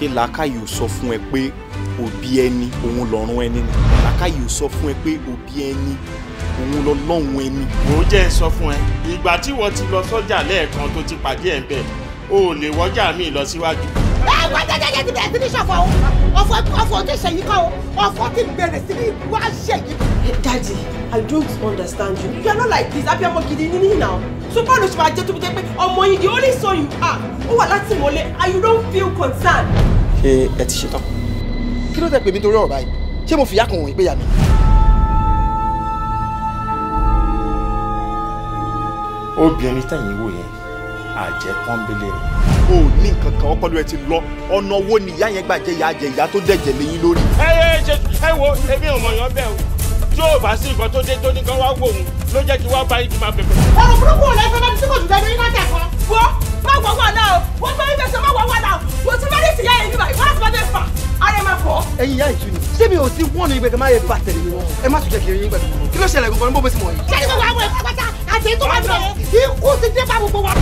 ṣé làákàyè sọ fún ẹ pé òbí ẹni òun lọ́rùn ẹni ni làákàyè sọ fún ẹ pé òbí ẹni òun lọ ẹni. mo jẹ́ sọ fún ẹ ìgbà tí wọ́n ti lọ sọ́jà lẹ́ẹ̀kan tó ti pàdé ẹ̀ bẹ́ẹ̀ o ò lè wọ́jà mi lọ síwájú. ọ̀fọ̀ ọ̀fọ̀ tó kọ́ o ọ̀fọ̀ ti bẹ̀rẹ̀ sí ní wá ṣe yìí. Daddy, I don't understand you you are not like this abiyamọ gidi ni me now so báwo ló ṣe máa jẹ́ tó fi jẹ́ pé ọmọ yìí the only son you are ó wà látìmọ́lé and you don't feel concerned ṣé ẹ ti ṣetán. kí ló dé pè mí torí ọ̀rọ̀ báyìí ṣé mo fìyà kùn ìgbéyà mi. obìnrin tẹ̀yìn wò yẹn àjẹ́ pọ́nbélé ni. o ní nǹkan kan ọpọlọ ẹ ti lọ ọ̀nà wo ni ìyá yẹn gbà ìyá jẹ ìyá tó dẹ̀jẹ̀ lẹ́yìn lórí. ẹ ẹ ṣe ẹ wo èmi ò mọ̀ yàn bẹ́ẹ̀ o tí bá sí nǹkan tó dé tó ní kan wá wò ó ló jẹ́ kí wá bá yín máa bẹ̀bẹ̀. ọ̀rọ̀ burúkú ò lẹ́fẹ̀ẹ́ bá mi tí kò tún dẹ́nu yín látẹ̀kọ́ gbọ́ má w ẹ̀yin ya ìtú ni ṣé mi ti wọ́n ní gbẹ̀gbẹ̀ yẹ bá tẹ̀lé ẹ má tún jẹ́ kí ẹ̀yin kí ló ṣẹlẹ̀ gbọ̀ngàn bó bẹ́sẹ̀ mọ̀ yìí. ṣé ẹni àwọn ẹ̀kọ́ pátá àti ètò wà bẹ̀rẹ̀ ikú ti dé bá gbogbo wa.